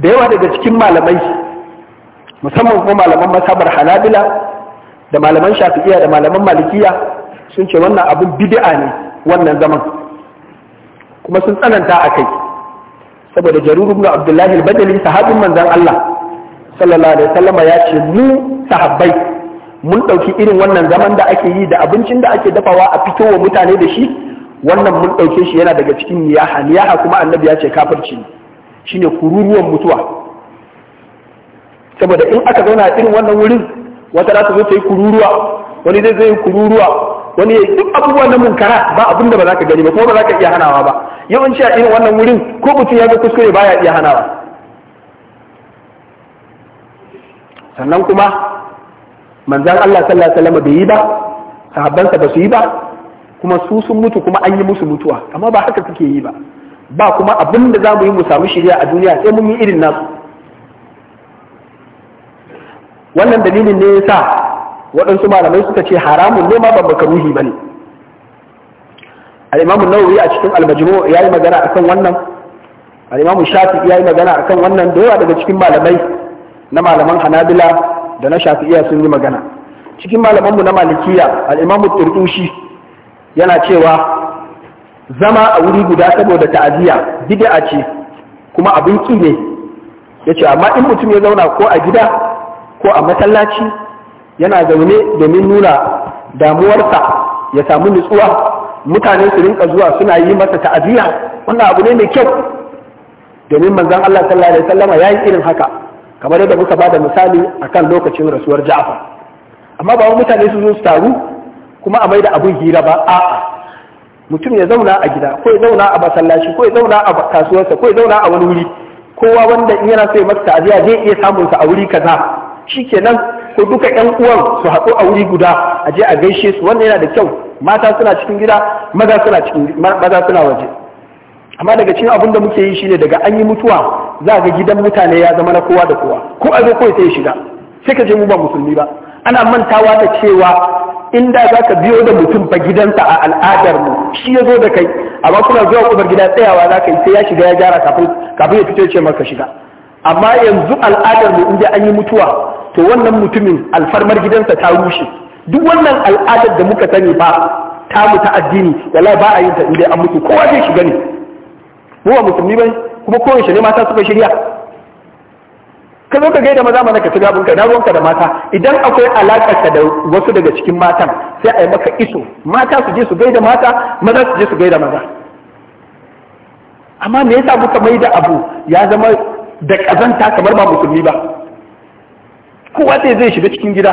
A: da yawa daga cikin malamai musamman kuma malaman masabar hanabila da malaman shafi'iyya da malaman malikiya sun ce wannan abin bid'a ne wannan zaman kuma sun tsananta a kai saboda jarur ibn abdullahi al-badali sahabin manzon Allah sallallahu alaihi wasallam ya ce mu sahabbai mun ɗauki irin wannan zaman da ake yi da abincin da ake dafawa a fito wa mutane da shi wannan mun ɗauke shi yana daga cikin niyaha niyaha kuma annabi ya ce kafirci shine kururuwan mutuwa saboda in aka zauna a irin wannan wurin wata za ta zo ta yi kururuwa wani zai zai kururuwa wani ya duk abubuwa na munkara ba abinda ba za ka gani ba kuma ba za ka iya hanawa ba yawanci a irin wannan wurin ko mutum ya ga kuskure baya iya hanawa sannan kuma manzan Allah sallallahu alaihi wasallam bai yi ba sahabbansa ba su yi ba kuma su sun mutu kuma an yi musu mutuwa amma ba haka kake yi ba ba kuma abin da za mu yi mu samu shirya a duniya sai mun yi irin nasu wannan dalilin ne ya sa waɗansu malamai suka ce haramun ne ma ba makaruhi ba ne al'imamu nawawi a cikin al ya yi magana akan wannan al'imamu shafi shafi'i yi magana akan wannan da yawa daga cikin malamai na malaman hanabila da na iya sun yi magana cikin malamanmu na malikiya al'imamu imamu turtushi yana cewa zama a wuri guda saboda ta'aziyya bid'a ce kuma abin ƙi ne ce amma in mutum ya zauna ko a gida ko a masallaci yana zaune domin nuna damuwarsa ya samu nutsuwa mutane su rinka zuwa suna yi masa ta'aziyya wannan abu ne mai kyau domin manzon Allah sallallahu alaihi ya yi irin haka kamar yadda muka bada misali akan lokacin rasuwar Ja'far amma ba mutane su zo su taru kuma a mai da abun hira ba a'a mutum ya zauna a gida ko ya zauna a masallaci ko ya zauna a kasuwarsa ko ya zauna a wani wuri kowa wanda in yana so ya masa ta'aziyya zai iya samunsa a wuri kaza shikenan ko duka yan uwan su haɗu a wuri guda a je a gaishe su wannan yana da kyau mata suna cikin gida maza suna waje amma daga cikin abin da muke yi shine daga an yi mutuwa za ga gidan mutane ya zama na kowa da kowa ko a zo kawai sai shiga sai ka je mu ba musulmi ba ana mantawa da cewa inda za ka biyo da mutum ba gidansa a al'adar mu shi ya zo da kai amma kuna zuwa kubar gida tsayawa za ka yi sai ya shiga ya gyara kafin ya fito ce maka shiga amma yanzu al'adar mu inda an yi mutuwa to wannan mutumin alfarmar gidansa ta rushe duk wannan al'adar da muka sani ba ta mu ta addini wallahi ba a yin ta inda an mutu kowa zai shiga ne mu ba musulmi ba kuma kowa shi ne mata suka shirya ka zo ka gaida maza mana ka tuga bunka na ruwanka da mata idan akwai alaƙar ka da wasu daga cikin matan sai a yi maka iso mata su je su gaida mata maza su je su gaida maza amma me yasa muka mai da abu ya zama da ƙazanta kamar ba musulmi ba kowa ne zai shiga cikin gida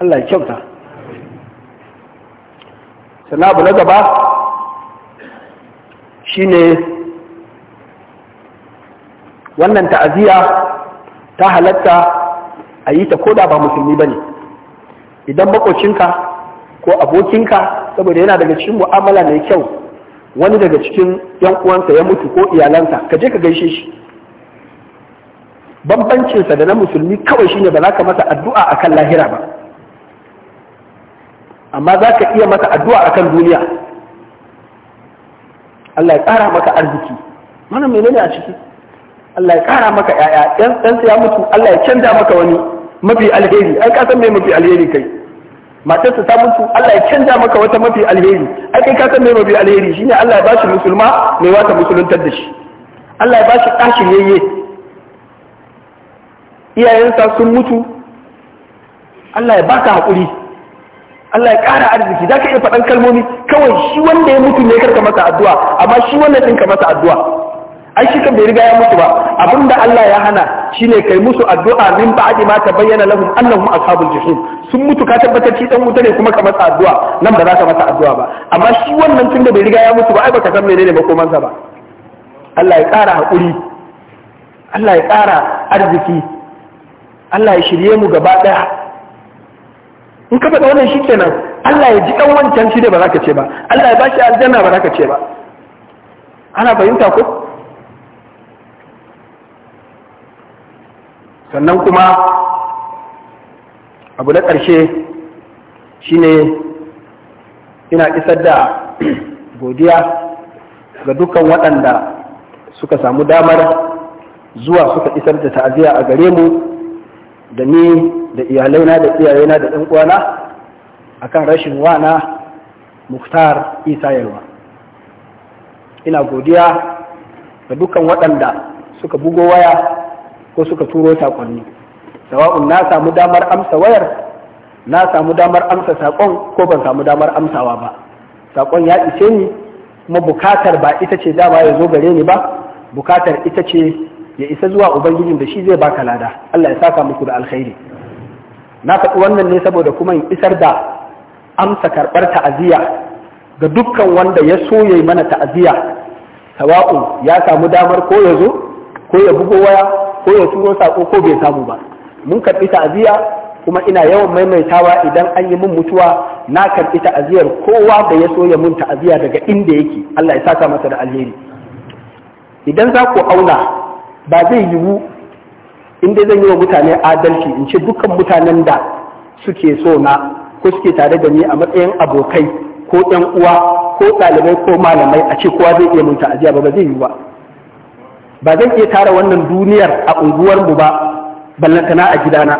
A: Allah ya kyauta sannan abu na gaba shine wannan ta'aziyya ta halatta a yi ta ko da ba musulmi ba ne idan makocinka ko abokinka saboda yana daga cikin mu'amala mai kyau wani daga cikin yan uwansa ya mutu ko iyalansa ka je ka gaishe shi bambancinsa da na musulmi kawai shine ba za ka masa addu'a akan lahira ba amma za ka iya masa addu'a akan duniya Allah ya ƙara maka arziki mana menene a ciki Allah ya ƙara maka ‘ya'ya ɗansa ya mutu Allah ya canza maka wani mafi alheri ai ka san mai mafi alheri kai matarsa ta mutu Allah ya canza maka wata mafi alheri ai kai ka san me mafi alheri shine Allah ya bashi musulma mai wata musuluntar da shi Allah ya bashi ɗashin yayye iyayensa sun mutu Allah ya baka hakuri Allah ya kara arziki zaka ka iya faɗan kalmomi kawai shi wanda ya mutu ne karka masa addu'a amma shi wanda ɗin ka masa addu'a ai shi kan bai riga ya mutu ba abinda Allah ya hana shine kai musu addu'a min ba'di ma tabayyana lahum annahum ashabul jahim sun mutu ka tabbatar shi dan wuta ne kuma ka masa addu'a nan ba za ka masa addu'a ba amma shi wannan tun da bai riga ya mutu ba ai baka san menene makomansa ba Allah ya ƙara hakuri Allah ya ƙara arziki Allah ya shirye mu gaba daya in ka faɗa wannan shi kenan Allah ya ji dan wancan shi da ba za ka ce ba Allah ya bashi aljanna ba za ka ce ba ana fahimta ko sannan kuma abu na ƙarshe shine ina isar da godiya ga dukkan waɗanda suka samu damar zuwa suka isar da ta'aziyya a gare mu da ni da iyalaina da iyayena da ɗan uwana kan rashin wana muktar isa yalwa ina godiya ga dukkan waɗanda suka bugo waya ko suka turo saƙonni sawa'un na samu damar amsa wayar na samu damar amsa saƙon ko ban samu damar amsawa ba saƙon ya ishe ni kuma bukatar ba ita ce dama ya zo gare ni ba bukatar ita ce ya isa zuwa ubangijin da shi zai baka lada Allah ya saka muku da alkhairi na faɗi wannan ne saboda kuma in isar da amsa karɓar ta'aziyya ga dukkan wanda ya so yayi mana ta'aziyya sawa'un ya samu damar ko ya zo ko ya bugo waya ko ya turo sako ko bai samu ba mun karɓi ta'aziyya kuma ina yawan maimaitawa idan an yi min mutuwa na karɓi ta'aziyar kowa da ya so ya mun ta'aziyya daga inda yake Allah ya saka masa da alheri idan za ku auna ba zai yiwu inda zan yi wa mutane adalci in ce dukkan mutanen da suke so na ko suke tare da ni a matsayin abokai ko ɗan uwa ko ɗalibai ko malamai a ce kowa zai iya mun ta'aziyya ba ba zai yiwu ba ba zan iya tara wannan duniyar a unguwarmu ba ballantana a gidana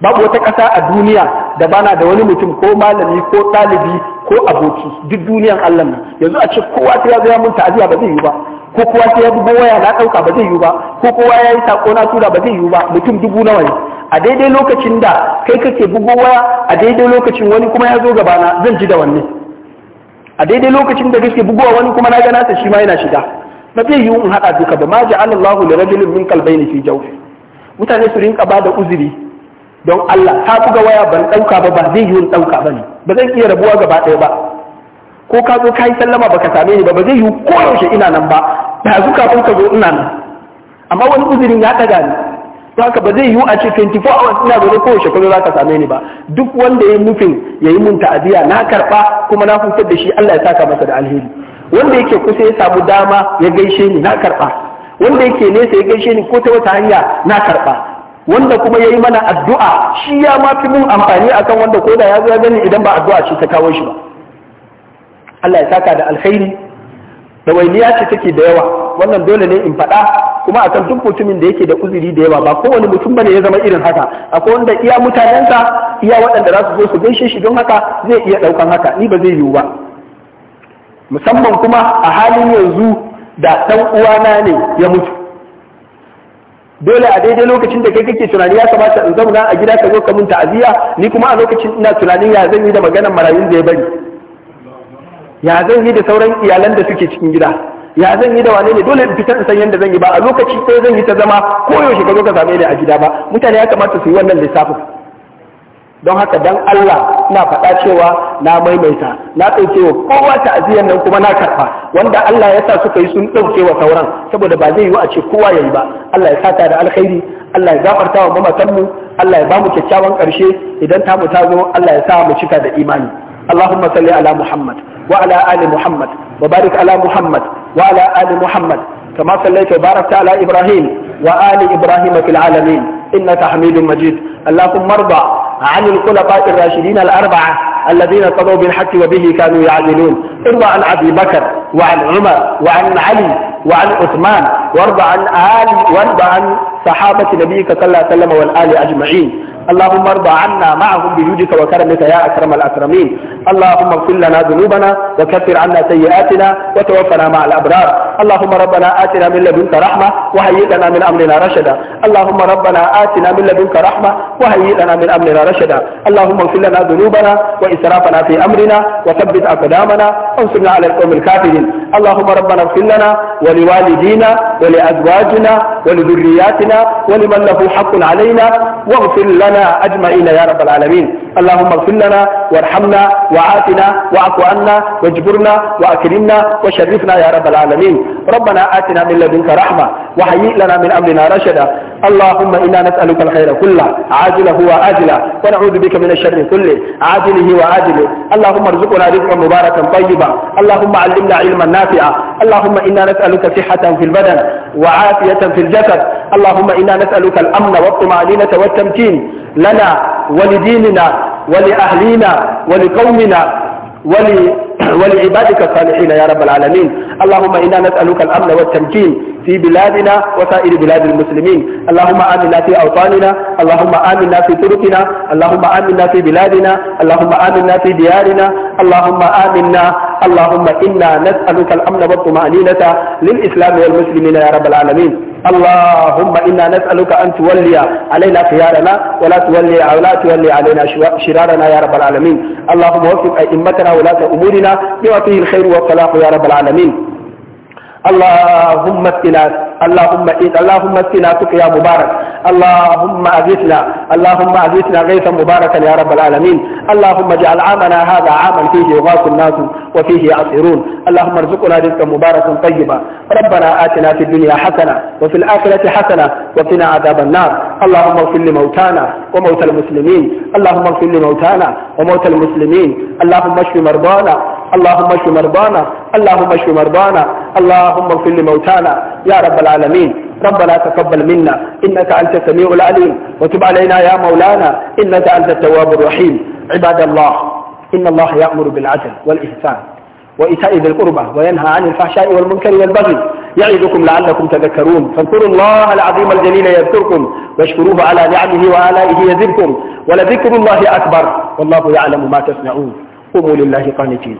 A: babu wata ƙasa a duniya da bana da wani mutum ko malami ko ɗalibi ko aboki duk duniyan Allah nan yanzu a ce kowa sai ya zo ya mun ta'aziya ba zai yi ba ko kowa sai ya bugo waya na ɗauka ba zai yi ba ko kowa ya yi sako na tura ba zai yi ba mutum dubu nawa ne a daidai lokacin da kai kake bugo waya a daidai lokacin wani kuma ya zo gabana zan ji da wanne a daidai lokacin da kake bugowa wani kuma na ga nasa shi ma yana shiga ba zai yiwu in haɗa duka ba ma ji Allahu da rajulun min ne fi jawfi mutane su rinka ba da uzuri don Allah ta buga waya ban ɗauka ba ba zai yiwu in ɗauka ba ne ba zan iya rabuwa gaba ɗaya ba ko ka zo ka yi sallama ba ka same ni ba ba zai yiwu ko yaushe ina nan ba da su kafin ka zo ina nan amma wani uzurin ya ɗaga ni to haka ba zai yiwu a ce 24 hours ina zaune ko yaushe kuma za ka same ni ba duk wanda ya yi nufin ya yi mun ta'aziya na karɓa kuma na fitar da shi Allah ya saka masa da alheri wanda yake kusa ya samu dama ya gaishe ni na karba wanda yake nesa ya gaishe ni ko ta wata hanya na karba wanda kuma ya yi mana addu'a shi ya ma fi mun amfani akan wanda ko da ya zo gani idan ba addu'a ce ta kawo shi ba Allah ya saka da alkhairi da wailiya ce take da yawa wannan dole ne in faɗa kuma akan duk mutumin da yake da uzuri da yawa ba kowane mutum bane ya zama irin haka akwai wanda iya mutanensa iya waɗanda za su zo su gaishe shi don haka zai iya ɗaukan haka ni ba zai yiwu ba musamman kuma a halin yanzu da ɗan uwana ne ya mutu dole a daidai lokacin da kai kake tunani ya kamata in zauna a gida ka zo ka mun ta'aziyya ni kuma a lokacin ina tunanin ya zan yi da maganar marayun da ya bari ya zan yi da sauran iyalan da suke cikin gida ya zan yi da wane ne dole in fitar in san yadda zan yi ba a lokaci sai zan yi ta zama ko yaushe ka zo ka same ni a gida ba mutane ya kamata su yi wannan lissafin don haka dan Allah na faɗa cewa na maimaita na ɗauke wa kowa ta'aziyar nan kuma na karɓa wanda Allah ya sa suka yi sun ɗauke wa sauran saboda ba zai yi a ce kowa ya yi ba Allah ya ta da alkhairi Allah ya gafarta wa mamatanmu Allah ya ba mu kyakkyawan ƙarshe idan mu ta zo Allah ya sa mu cika da imani Allahumma salli ala Muhammad wa ala ali Muhammad wa ala Muhammad wa ali Muhammad kama sallaita barakta ala Ibrahim wa ali Ibrahim fil alamin innaka Majid Allahumma arda عن الخلفاء الراشدين الأربعة الذين قضوا بالحق وبه كانوا يعدلون ارضى عن أبي بكر وعن عمر وعن علي وعن عثمان وارضى عن آل وارضى عن صحابة نبيك صلى الله عليه وسلم والآل أجمعين اللهم ارضى عنا معهم بجودك وكرمك يا أكرم الأكرمين اللهم اغفر لنا ذنوبنا وكفر عنا سيئاتنا وتوفنا مع الأبرار اللهم ربنا آتنا من لدنك رحمة وهيئ لنا من أمرنا رشدا اللهم ربنا آتنا من لدنك رحمة وهيئ لنا من أمرنا رشدا اللهم اغفر لنا ذنوبنا وإسرافنا في أمرنا وثبت أقدامنا وانصرنا على القوم الكافرين اللهم ربنا اغفر لنا ولوالدينا ولأزواجنا ولذرياتنا ولمن له حق علينا واغفر لنا أجمعين يا رب العالمين اللهم اغفر لنا وارحمنا وعافنا واعف عنا واجبرنا وأكرمنا وشرفنا يا رب العالمين ربنا آتنا من لدنك رحمة وهيئ لنا من أمرنا رشدا اللهم إنا نسألك الخير كله عاجله وآجله ونعوذ بك من الشر كله عاجله وآجله اللهم ارزقنا رزقا مباركا طيبا اللهم علمنا علما نافعا اللهم إنا نسألك صحة في البدن وعافية في الجسد اللهم إنا نسألك الأمن والطمأنينة والتمكين لنا ولديننا ولأهلينا ولقومنا ول... ولعبادك الصالحين يا رب العالمين اللهم إنا نسألك الأمن والتمكين في بلادنا وسائر بلاد المسلمين اللهم آمنا في أوطاننا اللهم آمنا في طرقنا اللهم آمنا في بلادنا اللهم آمنا في ديارنا اللهم آمنا اللهم إنا نسألك الأمن والطمأنينة للإسلام والمسلمين يا رب العالمين اللهم إنا نسألك أن تولي علينا خيارنا ولا تولي ولا تولي علينا شرارنا يا رب العالمين اللهم وفق أئمتنا ولاة أمورنا بما فيه الخير والصلاح يا رب العالمين اللهم اسقنا اللهم إيه اللهم اسقنا يا مبارك اللهم اغثنا اللهم اغثنا غيثا مباركا يا رب العالمين اللهم اجعل عامنا هذا عاما فيه يغاث الناس وفيه يعصرون اللهم ارزقنا رزقا مباركا طيبا ربنا آتنا في الدنيا حسنة وفي الآخرة حسنة وقنا عذاب النار اللهم اغفر لموتانا وموتى المسلمين اللهم اغفر لموتانا وموتى المسلمين اللهم اشف مرضانا اللهم اشف مرضانا اللهم اشف مرضانا اللهم اغفر لموتانا يا رب العالمين ربنا تقبل منا إنك أنت السميع العليم وتب علينا يا مولانا إنك أنت التواب الرحيم عباد الله إن الله يأمر بالعدل والإحسان وإيتاء ذي القربى وينهى عن الفحشاء والمنكر والبغي يعظكم لعلكم تذكرون فاذكروا الله العظيم الجليل يذكركم واشكروه على نعمه وآلائه يزدكم ولذكر الله أكبر والله يعلم ما تصنعون qumu lillahi qanitin